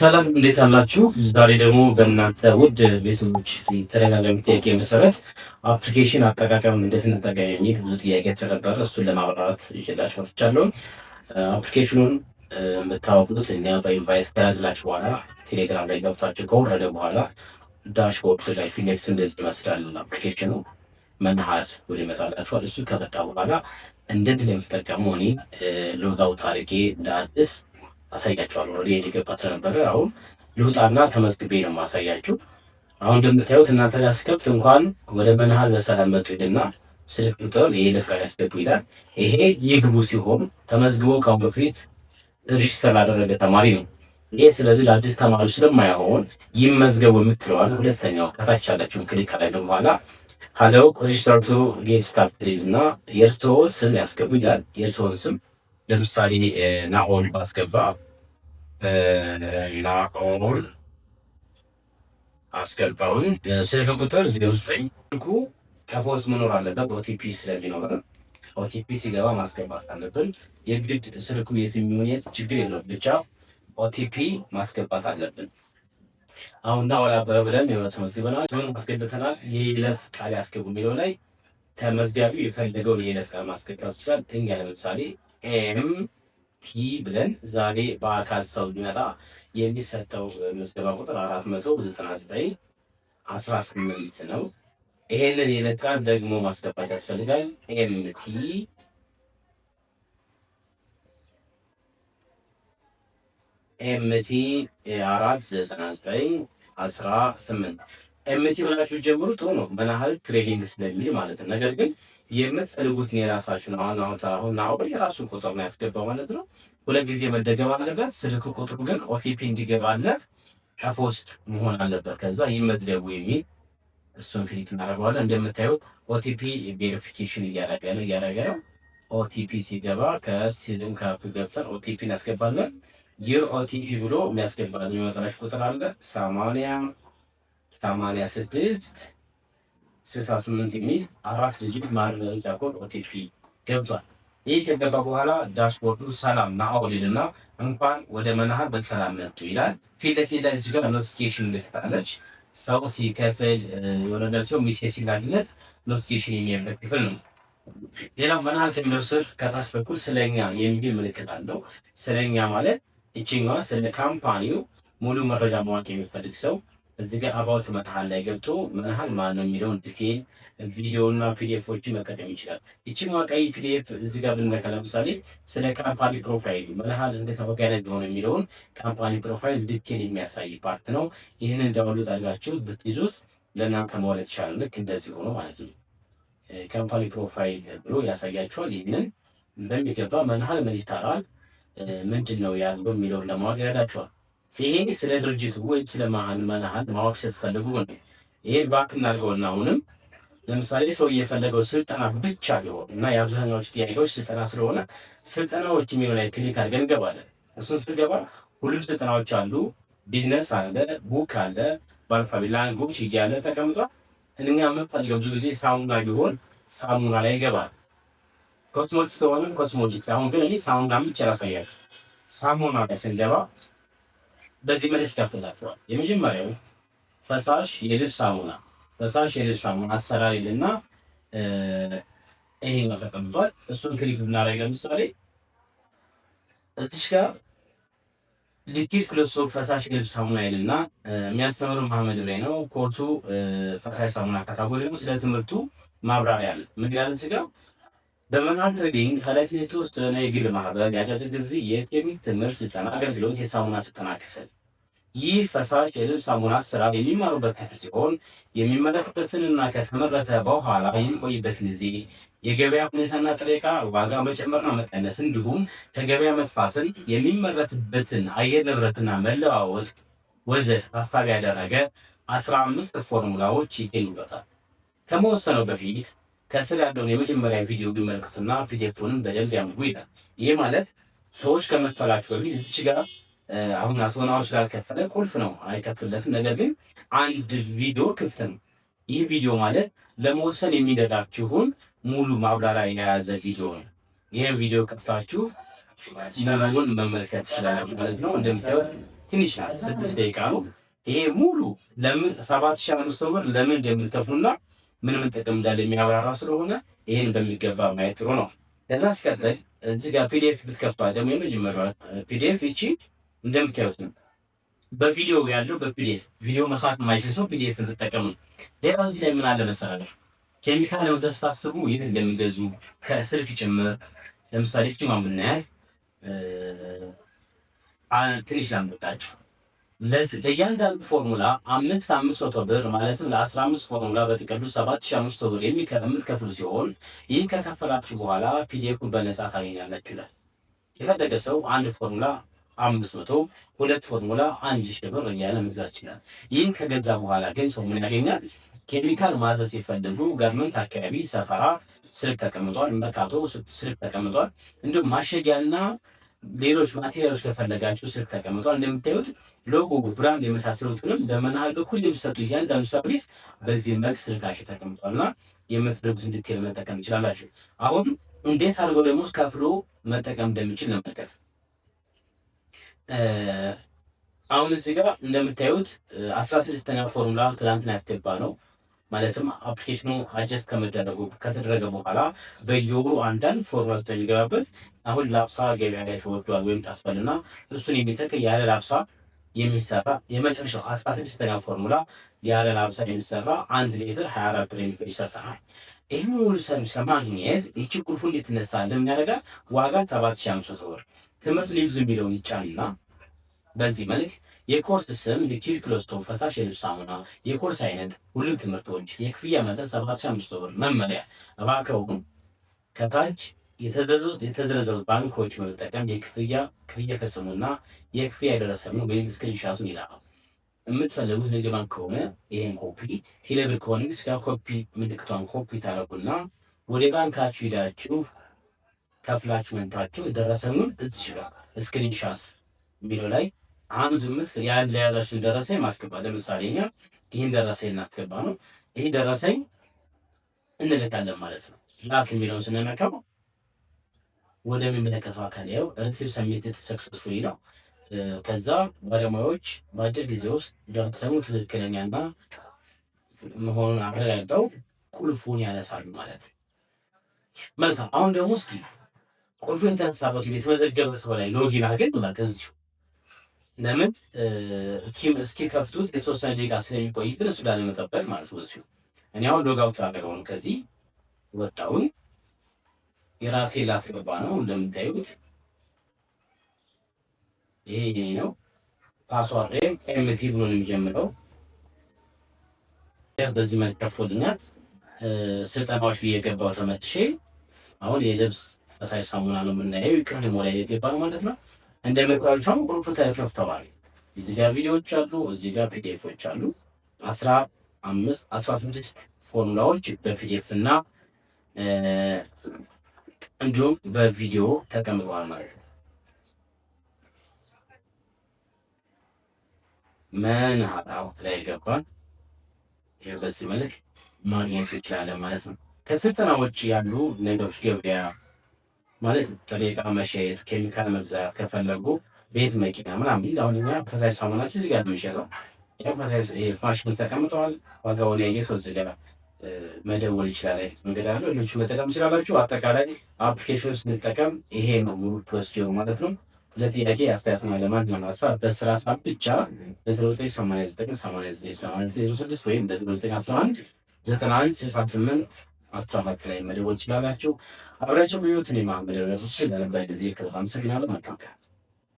ሰላም እንዴት አላችሁ? ዛሬ ደግሞ በእናንተ ውድ ቤተሰቦች ተደጋጋሚ ጥያቄ መሰረት አፕሊኬሽን አጠቃቀም እንዴት እንጠቀም የሚል ብዙ ጥያቄ ስለነበረ እሱን ለማብራራት ይዤላችሁ መጥቻለሁ። አፕሊኬሽኑን የምታወቁት እኛ በኢንቫይት ከላግላችሁ በኋላ ቴሌግራም ላይ ገብታችሁ ከወረደ በኋላ ዳሽቦርድ ላይ ፊት ለፊቱ እንደዚህ ይመስላል። አፕሊኬሽኑ መናሃል ወደ ይመጣላችኋል። እሱ ከመጣ በኋላ እንዴት ነው የምትጠቀሙ እኔ ሎጋውት አድርጌ እንደ አሳያችኋለሁ። ወደ ጌት የገባ ስለነበረ አሁን ልውጣና ተመዝግቤ ነው ማሳያችሁ። አሁን እንደምታዩት እናንተ ጋር ስከፍት እንኳን ወደ መናሃል በሰላም መጡ ይልና ስልክ ቁጥር ይሄ ልፍራ ያስገቡ ይላል። ይሄ ይግቡ ሲሆን ተመዝግቦ ከአሁን በፊት ሬጅስተር ላደረገ ተማሪ ነው ይህ። ስለዚህ ለአዲስ ተማሪ ስለማይሆን ይመዝገቡ የምትለዋል ሁለተኛው ከታች ያለችውን ክሊክ ካደረገ በኋላ ሀለው ሬጅስተር ቱ ጌት ስታርትድ እና የእርስዎ ስም ያስገቡ ይላል። የእርስዎን ስም ለምሳሌ ናኦል ባስገባ ናኦል አስገባውን ስልክ ቁጥር ዜሮ ዘጠኝ ልኩ ከፎስ መኖር አለበት። ኦቲፒ ስለሚኖር ኦቲፒ ሲገባ ማስገባት አለብን። የግድ ስልኩ የት የሚሆን የት ችግር የለውም፣ ብቻ ኦቲፒ ማስገባት አለብን። አሁን ናኦል አበበ ብለን የሆነ መስግበናል፣ ምን አስገብተናል። የይለፍ ቃል ያስገቡ የሚለው ላይ ተመዝጋቢው የፈለገውን የይለፍ ቃል ማስገባት ይችላል። እኛ ለምሳሌ ኤም ቲ ብለን ዛሬ በአካል ሰው ቢመጣ የሚሰጠው ምዝገባ ቁጥር አራት መቶ ዘጠና ዘጠኝ አስራ ስምንት ነው። ይሄንን የዕለት ደግሞ ማስገባት ያስፈልጋል። ኤም ቲ ኤም ቲ አራት ዘጠና ዘጠኝ አስራ ስምንት ኤምቲ ብላችሁ ጀምሩ። ጥሩ ነው። በናህል ትሬዲንግ ስለሚል ማለት ነው። ነገር ግን የምትፈልጉትን የራሳችሁን አሁን አሁን አሁን አሁን የራሱን ቁጥር ነው ያስገባው ማለት ነው። ሁለት ጊዜ መደገብ አለበት። ስልክ ቁጥሩ ግን ኦቲፒ እንዲገባለት ከፎስት መሆን አለበት። ከዛ ይመዝገቡ የሚል እሱን ክሊክ እናደርገዋለን። እንደምታዩት ኦቲፒ ቬሪፊኬሽን እያደረገ ነው እያደረገ ነው። ኦቲፒ ሲገባ ከሲልም ካፕ ገብተን ኦቲፒ እናስገባለን። ይህ ኦቲፒ ብሎ የሚያስገባልን የመጠረሽ ቁጥር አለ ሰማንያ ሰማንያ ስድስት ስልሳ ስምንት የሚል አራት ዲጂት ማረጋገጫ ኮድ ኦቲፒ ገብቷል። ይህ ከገባ በኋላ ዳሽቦርዱ ሰላም ናአውሊል እና እንኳን ወደ መናሃር በሰላም መጡ ይላል። ፊት ለፊት ላይ እዚህ ጋር ኖቲፊኬሽን ልክታለች። ሰው ሲከፍል የሆነ ሲሆን ሚሴ ሲላግለት ኖቲፊኬሽን የሚያበቅ ክፍል ነው። ሌላው መናሃር ከሚለው ስር ከታች በኩል ስለኛ የሚል ምልክት አለው። ስለኛ ማለት እችኛዋ ስለ ካምፓኒው ሙሉ መረጃ ማወቅ የሚፈልግ ሰው እዚህ ጋር አባውት መርሃል ላይ ገብቶ መርሃል ማን ነው የሚለውን ዲቴል ቪዲዮና ፒዲኤፎችን መጠቀም ይችላል። እቺ ቀይ ፒዲኤፍ እዚህ ጋር ብንመካ ለምሳሌ ስለ ካምፓኒ ፕሮፋይል መርሃል እንዴት ኦርጋናይዝ ሆነ የሚለውን ካምፓኒ ፕሮፋይል ዲቴል የሚያሳይ ፓርት ነው። ይህንን ዳውንሎድ አድርጋችሁ ብትይዙት ለእናንተ መውለድ ይችላል። ልክ እንደዚህ ሆኖ ማለት ነው። ካምፓኒ ፕሮፋይል ብሎ ያሳያችኋል። ይህንን በሚገባ መርሃል ምን ይሰራል፣ ምንድን ነው ያለው የሚለውን ለማወቅ ይረዳችኋል። ይሄ ስለ ድርጅቱ ወይም ስለ መሀል መናሀል ማወቅ ስትፈልጉ ነው። ይሄ ባክ እናድርገውና አሁንም ለምሳሌ ሰው እየፈለገው ስልጠና ብቻ ቢሆን እና የአብዛኛዎቹ ጥያቄዎች ስልጠና ስለሆነ ስልጠናዎች የሚለው ላይ ክሊክ አድርገን እንገባለን። እሱን ስትገባ ሁሉም ስልጠናዎች አሉ። ቢዝነስ አለ፣ ቡክ አለ፣ በአልፋቤት ላንጎች እያለ ተቀምጧል። እኛ የምንፈልገው ብዙ ጊዜ ሳሙና ቢሆን ሳሙና ላይ ይገባል። ኮስሞቲክስ ከሆነ ኮስሞቲክስ። አሁን ግን እኔ ሳሙና ብቻ ላሳያችሁ። ሳሙና ላይ ስንገባ በዚህ መልክ ከፍትላቸዋል የመጀመሪያው ፈሳሽ የልብስ ሳሙና ፈሳሽ የልብስ ሳሙና አሰራር ይልና ይሄ ነው ተቀምጧል። እሱን ክሊክ ብናደርግ ለምሳሌ እዚሽ ጋር ሊኪድ ክሎሶ ፈሳሽ የልብስ ሳሙና ይልና የሚያስተምሩ መሐመድ ላይ ነው። ኮርሱ ፈሳሽ ሳሙና ካታጎሪ ደግሞ ስለ ትምህርቱ ማብራሪያ አለ። ምን ያለ ስጋ በመናል ትሬዲንግ ኃላፊነት የተወሰነ የግል ማህበር የአጫጭር ጊዜ የት የሚል ትምህርት ስልጠና አገልግሎት የሳሙና ስልጠና ክፍል ይህ ፈሳሽ የልብስ ሳሙና ስራ የሚማሩበት ክፍል ሲሆን የሚመረትበትንና ከተመረተ በኋላ የሚቆይበት ጊዜ የገበያ ሁኔታና ጥሬ ዕቃ ዋጋ መጨመርና መቀነስ እንዲሁም ከገበያ መጥፋትን የሚመረትበትን አየር ንብረትና መለዋወጥ ወዘተ ታሳቢ ያደረገ አስራ አምስት ፎርሙላዎች ይገኙበታል። ከመወሰነው በፊት ከስር ያለውን የመጀመሪያ ቪዲዮ ቢመለከቱና ፒዲኤፉን በደንብ ያንብቡ ይላል። ይህ ማለት ሰዎች ከመክፈላችሁ በፊት እዚች ጋር አሁን አቶ ናዎች ላልከፈለ ቁልፍ ነው አይከፍትለትም። ነገር ግን አንድ ቪዲዮ ክፍት ነው። ይህ ቪዲዮ ማለት ለመወሰን የሚደዳችሁን ሙሉ ማብራሪያ የያዘ ቪዲዮ ነው። ይህን ቪዲዮ ከፍታችሁ መመሩን መመልከት ትችላላችሁ ማለት ነው። እንደምታዩት ትንሽ ናት፣ ስድስት ደቂቃ ነው። ይሄ ሙሉ ለምን ሰባት ሺህ አምስት ብር ለምን እንደምትከፍሉና ምን ምን ጥቅም እንዳለ የሚያብራራ ስለሆነ ይህን በሚገባ ማየት ጥሩ ነው። ከዛ ሲቀጥል እዚህ ጋር ፒዲኤፍ ብትከፍቷል ደግሞ የመጀመሪያ ፒዲኤፍ ይቺ እንደምታዩት ነው። በቪዲዮ ያለው በፒዲኤፍ ቪዲዮ መስራት የማይችል ሰው ፒዲኤፍ እንጠቀም ነው። ሌላው እዚህ ላይ ምን አለ መሰላችሁ ኬሚካል ነው ስታስቡ የት እንደሚገዙ ከስልክ ጭምር ለምሳሌ ችማ ምናያል ትንሽ ላምጣችሁ ለእያንዳንዱ ፎርሙላ አምስት አምስት መቶ ብር ማለትም ለአስራ አምስት ፎርሙላ በጥቅሉ ሰባት ሺ አምስት ብር የምትከፍሉ ሲሆን ይህ ከከፈላችሁ በኋላ ፒዲኤፉን በነጻ ታገኛላችሁ ይላል። የፈለገ ሰው አንድ ፎርሙላ አምስት መቶ ሁለት ፎርሙላ አንድ ሺ ብር እያለ መግዛት ይችላል። ይህን ከገዛ በኋላ ግን ሰው ምን ያገኛል? ኬሚካል ማዘዝ ሲፈልጉ ገርመንት አካባቢ ሰፈራ ስልክ ተቀምጧል፣ መርካቶ ስልክ ተቀምጧል፣ እንዲሁም ማሸጊያና ሌሎች ማቴሪያሎች ከፈለጋችሁ ስልክ ተቀምጧል። እንደምታዩት ሎጎ፣ ብራንድ የመሳሰሉትንም በመናሀል በኩል የሚሰጡ እያንዳንዱ ሰርቪስ በዚህ መቅ ስልካችሁ ተቀምጧል እና የምትፈልጉትን ዲቴል መጠቀም ይችላላችሁ። አሁን እንዴት አድርጎ ደግሞ ከፍሎ መጠቀም እንደሚችል ለመለከት አሁን እዚህ ጋር እንደምታዩት አስራ ስድስተኛ ፎርሙላ ትላንትና ያስገባ ነው ማለትም አፕሊኬሽኑ አጀስት ከመደረጉ ከተደረገ በኋላ በየወሩ አንዳንድ ፎርማት ስለሚገባበት አሁን ላፕሳ ገበያ ላይ ተወዷል ወይም ጠፍቷልና እሱን የሚተክ ያለ ላፕሳ የሚሰራ የመጨረሻው አስራ ስድስተኛ ፎርሙላ ያለ ላፕሳ የሚሰራ አንድ ሌትር ሀያ አራት ብር የሚፈጅ ይሰርተሃል። ይህም ሙሉ ሰርቪስ ለማግኘት ይቺ ቁልፉ ትነሳለ? ምን ያደርጋል? ዋጋ ሰባት ሺ አምስት መቶ ብር ትምህርት ሊግዙ የሚለውን ይጫንና በዚህ መልክ የኮርስ ስም ሊኪድ ክሎስቶ ፈሳሽ የልብስ ሳሙና፣ የኮርስ አይነት፣ ሁሉም ትምህርቶች፣ የክፍያ መጠን 7500 ብር። መመሪያ እባክዎን ከታች የተዘረዘሩት ባንኮች በመጠቀም የክፍያ ክፍያ ፈጽሙና የክፍያ የደረሰብን ወይም ስክሪንሻቱን ይላሉ። የምትፈልጉት ንግድ ባንክ ከሆነ ይህን ኮፒ፣ ቴሌብር ከሆነ ስጋ ኮፒ ምልክቷን ኮፒ ታደረጉና ወደ ባንካችሁ ሂዳችሁ ከፍላችሁ መንታችሁ የደረሰኑን እዚህ ጋር ስክሪንሻት የሚለው ላይ አንድ ምት ያን ለያዛችን ደረሰኝ ማስገባ። ለምሳሌ እኛ ይህን ደረሰኝ እናስገባ ነው። ይህ ደረሰኝ እንልካለን ማለት ነው። ላክ የሚለውን ስንነካው ወደሚመለከተው አካል ያው ሪሲቭ ሰሚትድ ሰክሰስፉሊ ነው። ከዛ ባለሙያዎች በአጭር ጊዜ ውስጥ ደረሰኙ ትክክለኛና መሆኑን አረጋግጠው ቁልፉን ያነሳሉ ማለት መልካም አሁን ደግሞ እስኪ ቁልፉ የተነሳበት የተመዘገበ ሰው ላይ ሎጊን አድርገን ማለት እዚሁ ለምን እስኪ ከፍቱት የተወሰነ ደቂቃ ስለሚቆይብን እሱ ላለመጠበቅ ማለት ነው። እዚሁ እኔ አሁን ሎጋውት አደረገውን ከዚህ ወጣውን የራሴ ላስገባ ነው። እንደምታዩት ይሄ ነው። ፓስዋርድ ኤምቲ ብሎ ነው የሚጀምረው። በዚህ መልክ ከፍቶልኛል። ስልጠናዎች ብዬ ገባው ተመትሼ አሁን የልብስ ፈሳሽ ሳሙና ነው የምናየው። ቅድሞ ሞላ የገባ ነው ማለት ነው። እንደ አሁን ግሩፕ ተከፍተዋል። እዚህ ጋር ቪዲዮዎች አሉ፣ እዚህ ጋር ፒዲኤፎች አሉ። አስራ አምስት አስራ ስድስት ፎርሙላዎች በፒዲኤፍ እና እንዲሁም በቪዲዮ ተቀምጠዋል ማለት ነው። ምን አጣው ላይ ገባን። ይህ በዚህ መልክ ማግኘት ይችላለን ማለት ነው። ከስልጠና ያሉ ነገሮች ገበያ ማለት ጥሬ ዕቃ መሸጥ፣ ኬሚካል መግዛት ከፈለጉ ቤት፣ መኪና ምናምን ሚል አሁን እኛ ፈሳሽ ሳሙናችን እዚህ ጋር የምንሸጠው ፋሽን ተቀምጠዋል። ዋጋውን ያየ ሰው እዚህ መደወል ይችላል። አይነት መንገድ አለ። ሌሎቹ መጠቀም ይችላላችሁ። አጠቃላይ አፕሊኬሽን ስንጠቀም ይሄ ነው ሙሉ ፕሮሲጀሩ ማለት ነው። ለጥያቄ አስተያየት አስተያየትና ለማንኛውም ሀሳብ በስራ ሰዓት ብቻ በ0989898906 ወይም አንድ 0911 ስምንት ማስተባበቅ ላይ መደወል ይችላላችሁ። አብራችሁ ልዩት ኔማ መደረሱ ስለነበረ ጊዜ ከዛ አመሰግናለሁ። መልካም ቀን።